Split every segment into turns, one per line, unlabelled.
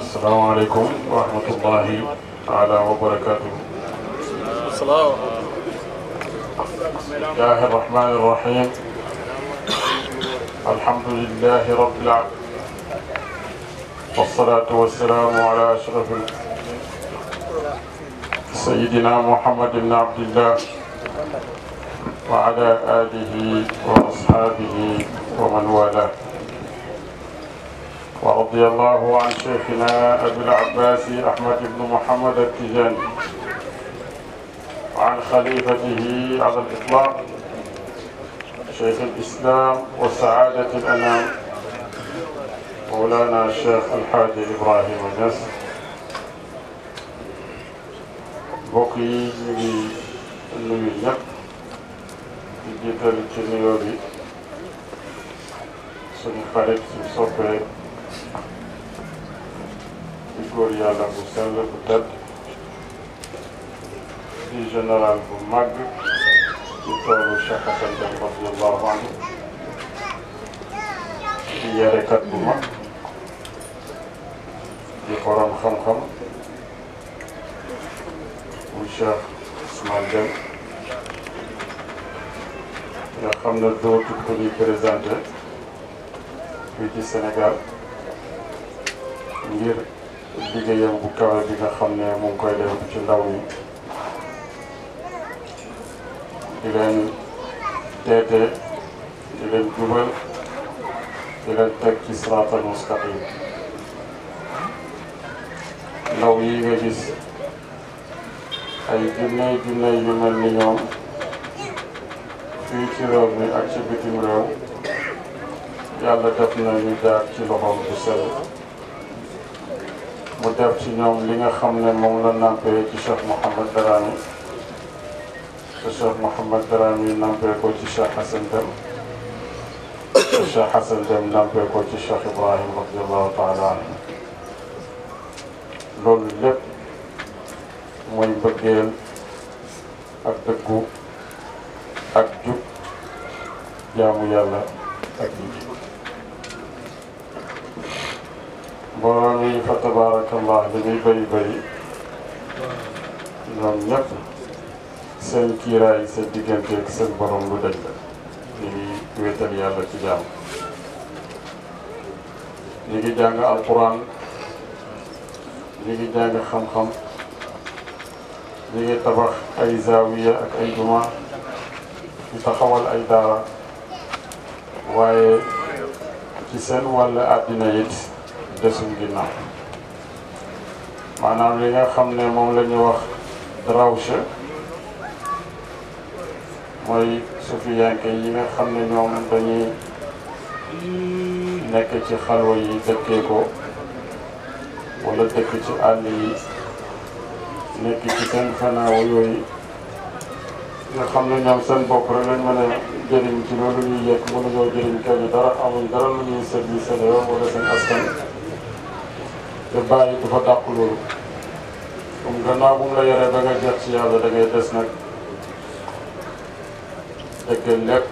asalaamaaleykum wa rahmatullahi taala wa barakaatuhu. bismillahi rahmaani rahim. alhamdulilahi rabbil aalamiin. wasalaatu wasalaamu ala ashrafil sayyidina Muhammad ibn Abdillah wa ala aalihi wa ashaabihi wa man waalaahu ورضي الله عن شيخنا أبي العباس أحمد بن محمد التجاني وعن خليفته على الإطلاق شيخ الإسلام وسعادة الأنام مولانا الشيخ الحاج إبراهيم النس بقي nuyu ñëpp di jiital ci nuyoo bi suñu xarit suñu soppee di góor yàlla bu sell bu tedd di général bu màgg di toolu Cheikh Hassan Deme radiyallahu anhu di yarekat bu mag di borom xam-xam bu Cheikh Ousmane Deme nga xam ne dootul ko ñuy présenté fii ci Sénégal. ngir liggéeyam bu kawe bi nga xam ne mu ngi koy def ci ndaw ñi di leen teete di leen jubal di leen teg ci siraatal mustaqim ndaw yi nga ay junney junney yu ni ñoom fii ci réew mi ak ci bitim réew yàlla def na ñu jaar ci loxoom bu sell mu def ci ñoom li nga xam ne moom la nampee ci Cheikh Mouhamed Darami te Cheikh Mouhamed Darami nampee ko ci Cheikh Hassan Deme te Cheikh ko ci Cheikh Ibrahim radiyallahu taala anhu loolu lépp mooy bëggeel ak dëggu ak ak liggéey. mbooloo mi fa tabaarakallah li muy bëri bëri ñoom ñëpp seen kiiraay seen diggante ak seen borom lu daj la ñu ngi wéetal yàlla ci jaam ñu ngi jàng alquran ñu xam-xam ñu tabax ay zaawiya ak ay juma ñu taxawal ay daara waaye ci seen wàll àddina desuñ ginnaaw maanaam li nga xam ne moom la ñu wax drawche mooy sufiyanke yi nga xam ne ñoom dañuy nekk ci xalwa yi dëkkee ko dëkk ci àll yi nekk ci seen fanaaw yooyu nga xam ne ñoom seen bopp rek lañ mën jëriñ ci loolu ñuy yëg mënuñoo jëriñ kenn dara amuñ dara lu ñuy service la wala seen askan te bàyyi du fa dàq loolu comme gannaaw bu la yoree ba nga jot yàlla da des nag dëgg lépp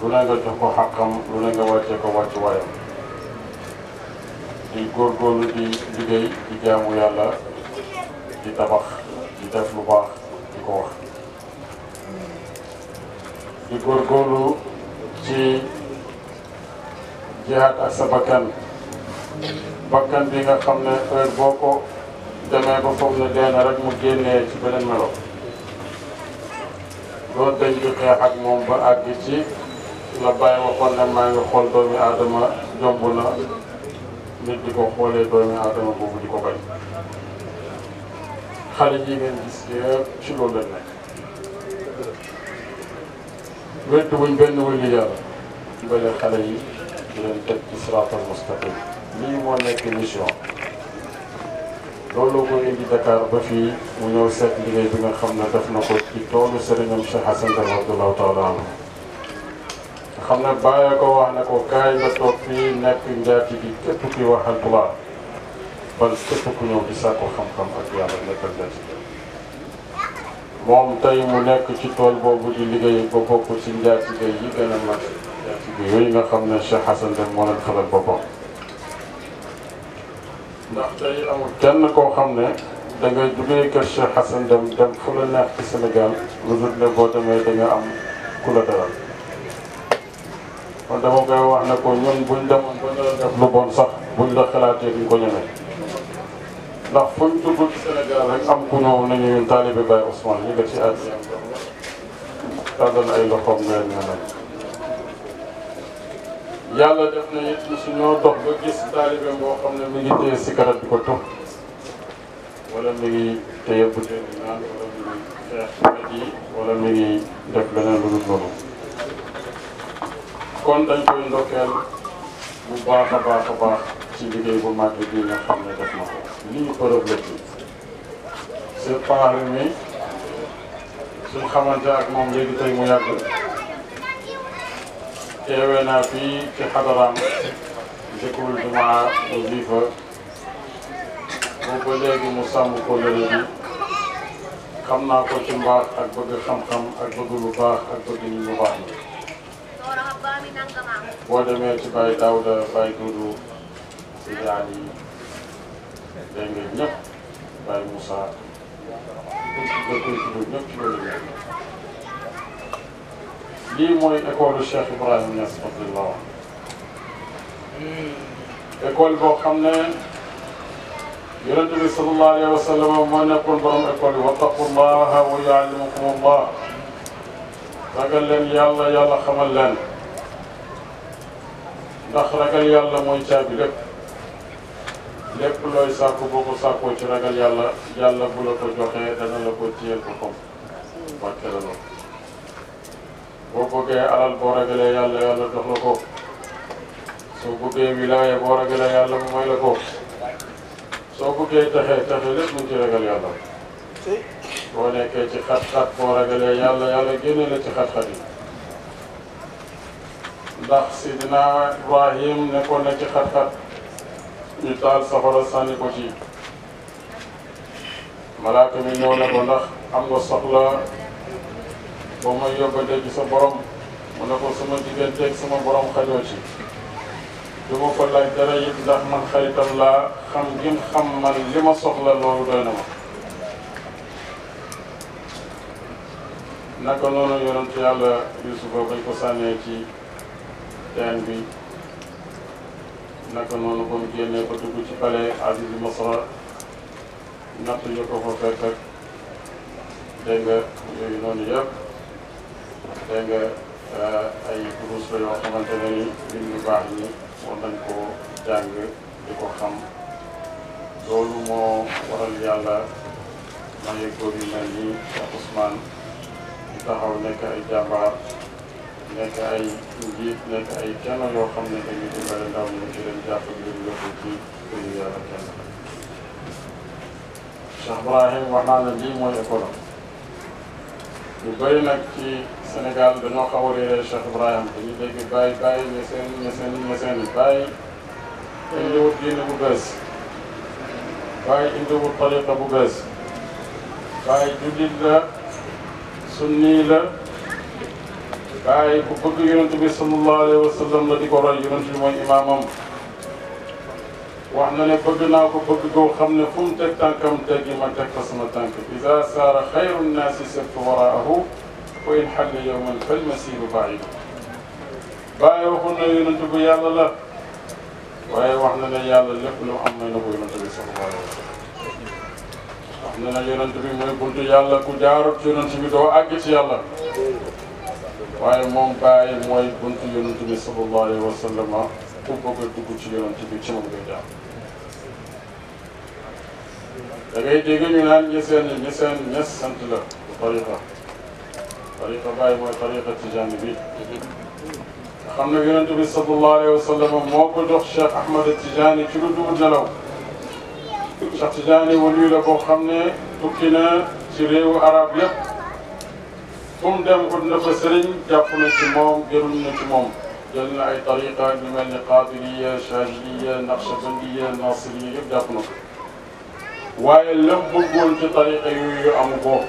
lu ne nga jox ko xàqam lu ne nga wàccee ko wàcc waayam di góorgóorlu di liggéey di yàlla di tabax di def lu baax di ko wax di góorgóorlu ci jihaat ak sa bakkan bakkan bi nga xam ne heure boo ko demee ba foog ne dee rek mu génnee ci beneen melo loolu dañ di xeex ak moom ba àgg ci la bàyyi waxoon ngi xool doomi aadama jomb na nit di ko xoolee doomi aadama boobu di ko bañ xale yi ngeen gis yëpp ci loolu lañ nekk wéttu wuñ benn wëli yàlla mbële xale yi di teg ci siraatal mustaqim lii moo loolu la ko Dakar ba fi mu ñëw seet liggéey bi nga xam na def na ko ci toolu sëriñam Cheikh Hassan Deme radiyallahu taala anhu nga xam ne bàyyee ko wax ne ko kaay nga toog fii nekk njaati gi képp kuy waxal tubaab bal képp ku ñëw di sàkku xam ak yàlla nekkal njaati gi moom tey mu nekk ci tool boobu di liggéey ba bokk ci njaati gi yi gën a mag njaati gi yooyu nga xam ne Cheikh Hassan Deme moo leen xelal boppam. ndax tey amul kenn koo xam ne da nga jugee kër Cheikh Hassane dem dem fu neex ci Sénégal lu dul ne boo demee da am ku la dalal kon dama koy wax ne ko ñun buñ demoon ba nga bon sax buñ la xalaatee duñ ko ñemee ndax fuñ dugg ci Sénégal rek am ku ñëw nañu ñun taalibe Baye Ousmane ñu nga ci àddina tàllal ay loxoom weer ñu yàlla def na it suñoo dox ba gis taalibe boo xam ne mi ngi si sikarat bi ko tux wala mi ngi téye butéel naan wala mi ngi xeex met yi wala mi ngi def beneen lu dul loolu kon dañ koy ndokkeel bu baax a baax a baax ci liggéey bu màgg bii nga xam ne def na ko lii preuve la ci c'est suñ xamante ak moom léegi tey mu yàgg teewee naa fii ci xadaraam jëkkul jumaa wasifa boobu ba léegi mu sàmm ko lële xam naa ko ci mbaax ak bëgg xam-xam ak bëgg lu baax ak bëgg nit baax ñi boo demee ci Baye Daouda Baye Doudou si jaan yi dégg nga ñëpp Baye Moussa dëkk yi ci ñëpp ci lii mooy école Cheikh Ibrahima Niass radiyallahu anhu hmm. école boo xam ne yonente bi sallallahu alayhi wa sallam moo nekkoon borom école bi wattaqullaha wa yuallimukumullah ragal leen yàlla yàlla xamal leen ndax ragal yàlla mooy caabi lépp lépp looy sàkku boo ko sàkkoo ci ragal yàlla yàlla bu la ko joxee dana la ko téyel ko comme wàcce la loolu boo bëggee alal boo ragalee yàlla yàlla jox la ko soo bëggee wilaaya boo ragalee yàlla mu may la ko soo bëggee texe texe lépp mu ci ragal yàlla boo nekkee ci xat-xat boo ragalee yàlla yàlla génne la ci xat-xat yi ndax sidina Ibrahim nekkoon na ci xat-xat ñu taal safara sànni ko ci malaaka mi ñëw ne ko ndax am nga soxla boo may yóbbante ci sa borom mu ne ko suma digganteeg sama borom xajoo ci du ma ko laaj dara it ndax man xaritam laa xam ngim xam man li ma soxla loolu doy na ma naka noonu yonent yàlla ko sànnee ci teen bi naka noonu ba mu génnee ba dugg ko fekk ak dégg nga noonu yëpp dégg nga euh, ay kurus la yoo xamante ne ni baax ñi war nañ koo jàng di ko xam loolu moo waral yàlla maye góor yu mel ni Cheikh Ousmane di taxaw nekk ay jàmbaar nekk ay njiit nekk ay kenn yoo xam ne dañuy dimbale ndaw ñi ci leen jàpp ngir yóbbu ci kuréel yàlla kenn Cheikh Ibrahim wax naa ne lii mooy école ñu bëri nag ci Sénégal dañoo xaw a réeré Cheikh Ibrahima dañu dégg bàyyi bàyyi ñeseen ñeseen ñeseen bàyyi indiwut diine bu bees bàyyi indiwut tariqa bu bees bàyyi jullit la sunni la bàyyi bu bëgg yonent bi sallallahu alayhi wa sallam la di ko roy yonent bi mooy imaamam wax na ne bëgg naa ko bëgg goo xam ne fu mu teg tànkam teggi ma teg fa sama tànk isa saara xayru nnaasi sirtu waraahu fa in xalla yowman fal masiru baidu bàyyi waxoon na yonent bu yàlla la waaye wax na ne yàlla lépp lu am may na ko yonent bi sallallahu alayhi wa sallam wax na ne yonent bi mooy buntu yàlla ku jaarut yonent bi doo àgg ci yàlla waaye moom bàyyi mooy buntu yonent bi sallallahu alayhi wa sallam ku bëgg a dugg ci yoon bi ci moom ngay jaar da ngay dégg ñu naan ñi seen ñi seen ñes sant la bu tariqa tariqa bàyyi mooy tariqa tijaani bi nga xam ne yonent bi sallallahu alayhi wa sallam moo ko jox Cheikh Ahmad Tijaani ci lu dul nelaw Cheikh Tijaani waliyu la boo xam ne tukki na ci réewu arab yëpp fu mu dem ut na fa sëriñ jàpp na ci moom gërëm na ci moom jël na ay tariqa ñu mel ni qaadiriya chaadiliya naqshbandiya nasiriya yëpp jàpp na ko waaye lépp bëggoon ci tariqa yooyu amu ko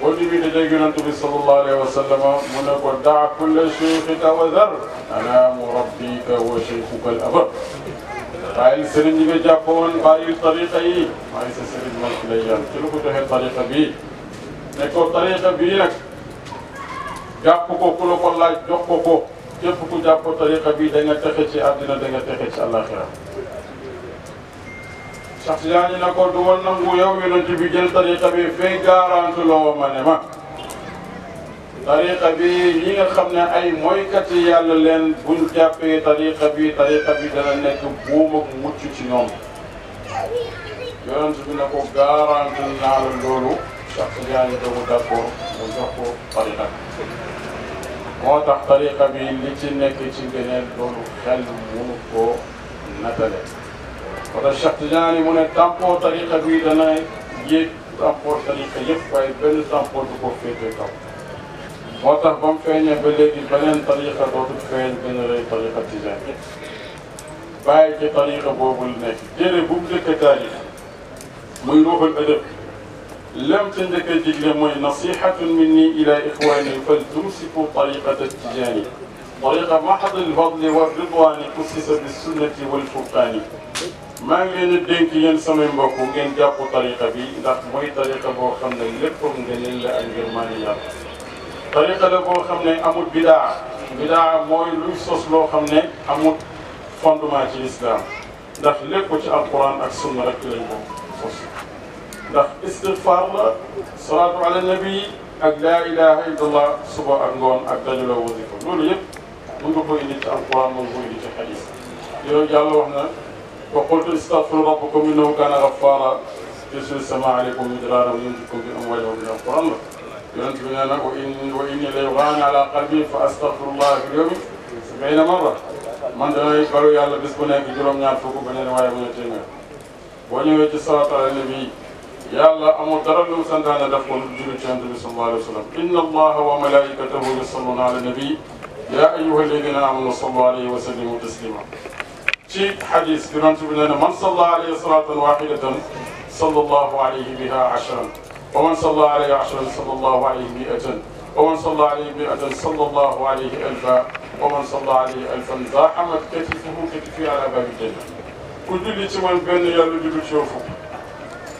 boo di bii dajee yonent bi sallallahu alayhi wa sallam mu ne ko daa kulla cheikhika wa dar anaamu rabbika wa cheikhuka al abar bàyyil sëriñ yi nga jàppoon bàyyil tariqa yi maa ngi sa sëriñ man ki lay yàlla ci la ko joxee tariqa bii ne ko tariqa bii nag jàpp ko ku la ko laaj jox ko ko képp ku jàpp tariqa bi da texe ci àddina da nga texe ci àllaaxira sax si yaa ko du woon nangu yow yonent bi jël tariqa bi fay garanti loo ma ne ma tariqa bi ñi nga xam ne ay mooykat yi yàlla leen buñ jàppee tariqa bi tariqa bi dana nekk buum ak mucc ci ñoom yonent bi ne ko garanti naa loolu sax si yaa ne dogu mu jox ko tariqa bi moo tax tariqa bi li ci nekk ci gëneel loolu xel munu koo natale moo tax Cheikh mu ne tampoo tariqa bi dana yéeg tampoo tariqa yëpp waaye benn tampoo du ko féete kaw moo tax ba mu feeñee ba léegi beneen tariqa dootu feeñ gën a rëy tariqa Tidiane yëpp bàyyi ci tariqa boobu nekk jële bu mu njëkk a taarix muy lam ca njëkk a digle mooy nasihatun minni ila ixwani fal tumsiku tariqata tijani tariqa mahad alfadli wa ridwani ussisa bi sunnati wal furqani maa ngi leen di dénk yéen samay mbokk ngeen jàpp tariqa bi ndax mooy tariqa boo xam ne léppam ngëneel la ak ngërmaane yàlla tariqa la boo xam ne amul bidaa bidaa mooy luy sos loo xam ne amul fondement ci lislaam ndax lépp ci alquran ak sunna rek lañ ko sos ndax istigfaar la salaatu ala nabi ak laa ilaha illallah suba ak ngoon ak dajaloo wasifa loolu yëpp mën nga ko indi ci alquran mën nga ko indi ci xadis yow yàlla wax na wa qultu istagfiru rabbakum innahu kaana gaffaara yursil samaa aleykum midraaran wa yumdidkum bi amwaalin wa baniin alquran la yonent bi nee na wa in wa inni la yughaalu ala qalbi fa astagfirullaha fi l-yawmi sab'iina marra man danay baru yàlla bis bu nekk juróom-ñaar fukk ba neen waaye mu ne téeméer boo ñëwee ci salaatu ala nabi yàlla amul dara lu mu santaane def ko lu julli ci yonent bi sallallahu alayhi wa sallam inna allaha wa malaikatahu yusalluna ala nabi yaa ayyuha alladina amanu sallu alayhi wa sallimu taslima ci xadis yonent bi nee na man salla alayhi salatan waxidatan sallallahu alayhi biha ashran wa man salla alayhi ashran sallallahu alayhi mi'atan wa man salla alayhi mi'atan sallallahu alayhi alfa wa man salla alayhi alfan zaaxamat katifuhu katifi ala babi janna ku julli ci man benn yàlla julli ci yow fukk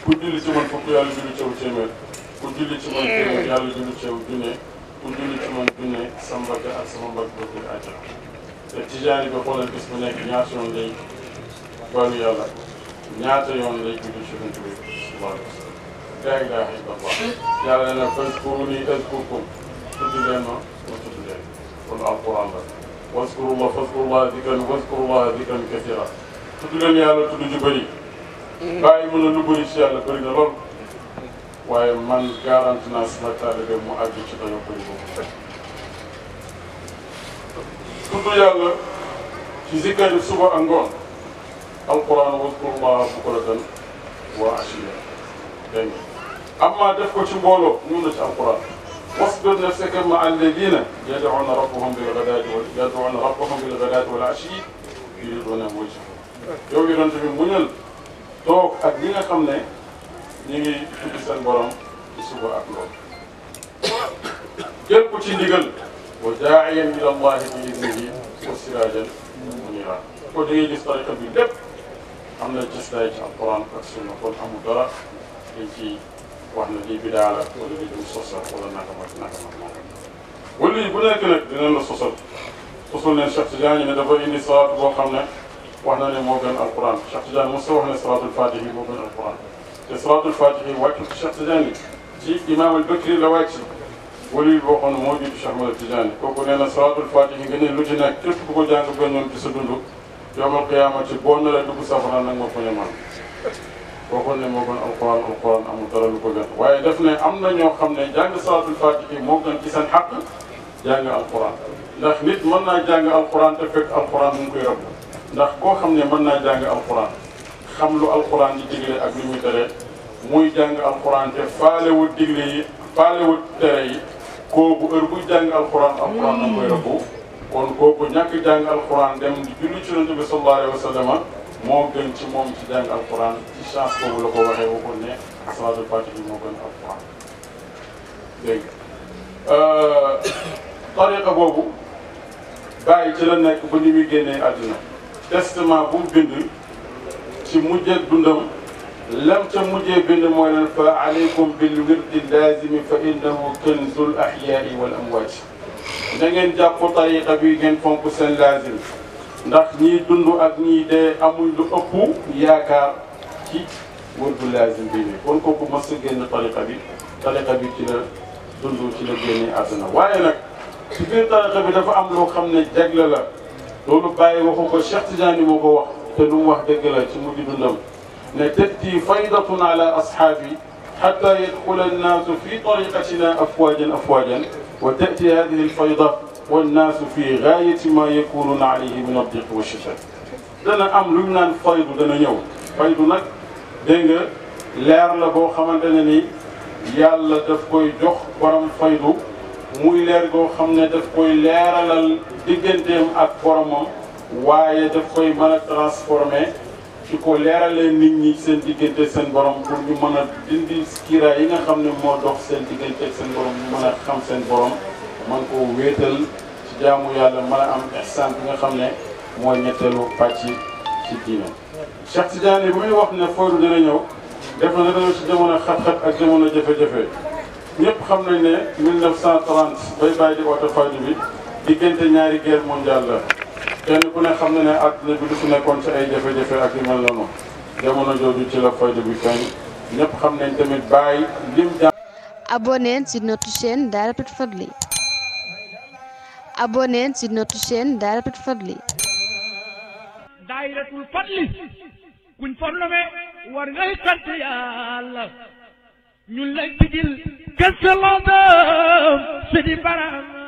ku julli ci man fukk yàlla julli ci yow téeméer ku julli ci man téeméer yàlla julli ci yow junne ku julli ci man junne sa mbagg ak sama mbagg ba kër àjjana te tijaani bi xoolal bis bu nekk ñaata yoon lay balu yàlla ñaata yoon lay julli ci yonent bi sallallahu alayhi wa sallam la ilaha illa allah yàlla na fazkuruni azkurkum tudd leen ma ma tudd leen kon alquran la wazkurullah fazkurullah dikran wazkurullah dikran kathira tudd leen yàlla tudd ju bëri bàyyi mën a lu bëri ci yàlla bëri na lool waaye man garanti naa suma taalibe mu àgg ci bañ a bëri boobu fekk tudd yàlla ci zikkar yi suba ak ngoon alquran waskurullaha bukratan wa ashiya dégg nga amma def ko ci mbooloo mun na ci alquran wasbir nafsaka ma'a alladina yad'una rabbahum bil ghadati wal yad'una rabbahum bil ghadati wal ashi yuriduna wajhahu yow yonent bi muñal toog ak ñi nga xam ne ñu ngi tudd seen borom ci suba ak loolu jël ko ci ndigal wa daa'iyan ila llahi bi idnihi wa siraajan muniira ko da ngay gis tariqa bi lépp am na gis day ci alquran ak sunna kon amul dara dañ ci wax na lii bidaa la wala lii dum sos la wala naka ma naka ma naka wala bu nekk nag dinañ la sosal sosal leen Cheikh Tidiane ne dafa indi sawaat boo xam ne wax na ne moo gën alquran Cheikh Tidiane mos sa wax ne salaatul fatihi moo gën alquran te salaatul fatihi wàccu ci Cheikh Tidiane ci imam al Bakri la wàcc wali boo xam ne moo jiitu Cheikh Ahmad Tidiane kooku nee na salaatul fatihi nga ne lu ci nekk ko jàng benn yoon ci sa dund yawmal qiyaama ci boo naree dugg safara nag ma ko ñemaan waxoon ne moo gën alquran alquran amul dara lu ko gën waaye def ne am na ñoo xam ne jàng salaatul fatihi moo gën ci seen xàq jàng alquran ndax nit mën naa jàng alquran te fekk alquran mu ngi koy ndax koo xam ne mën naa jàng alxuraan xam lu alxuraan di digle ak lu muy tere muy jàng alxuraan te faalewul digle yi faalewul tere yi kooku heure buy jàng alxuraan alxuraan na koy rëbbu kon kooku ñàkk moo gën ci moom ci jàng alxuraan ci chance boobu la ko waxee waxul ne salaatul faatihi moo gën alxuraan dégg euh, tariqa boobu bàyyi ci la nekk ba ni muy génnee àddina testament bu mu bind ci mujjee dundam lam ca mujjee bind mooy leen fa aleykum bil wirdi laazimi fa innahu kanzul ahyaai wal amwaat na ngeen tariqa bi ngeen fonk laazim ndax ñiy dund ak ñiy dee amuñ lu ëpp yaakaar ci wërdu laazim bi ni ko kooku mës a tariqa bi tariqa bi ci la dund ci la génnee ci biir tariqa bi dafa am loo xam ne jagle la loolu bàyyi waxu ko Cheikh Tidiane moo ko wax te lu mu wax dëgg la ci mujj dundam ne tëddi faydatun ala ashaabi xatta yadxula annaasu fi tariqatina afwaajan afwaajan wa tati hadihi alfayda wannaasu fi gaayati ma yakununa alayhi min addiq wa shifa dana am lu ñu naan faydu dana ñëw faydu nag dégg nga leer la boo xamante ne ni yàlla daf koy jox borom faydu muy leer goo xam ne daf koy leeralal digganteem ak boromam waaye daf koy mën a transformé ci ko leeralee nit ñi seen diggante seen borom pour ñu mën a kiira yi nga xam ne moo dox seen diggante ak seen borom mën a seen borom man koo wéetal ci jaamu yàlla mën a am ihsaan bi nga xam ne mooy ñetteelu pàcc ci diina Cheikh Tidiane bu muy wax ne fooru dina ñëw def na dana ci jamono xat-xat ak jamono jafe-jafe ñëpp xam nañ ne 1930 bay bàyyi di woote faju bi diggante ñaari guerre mondiale la kenn ku ne xam na ne àdduna bi du fi nekkoon ci ay jafe-jafe ak yu mel noonu jamono jooju ci la faju bi feeñ ñëpp xam nañ tamit bàyyi lim jàng. abonnez sur notre chaîne Dahiratoul Fadly abonnez sur notre chaîne kuñ formé war ngay sant yàlla. ñu la digil kese la doom sidi baram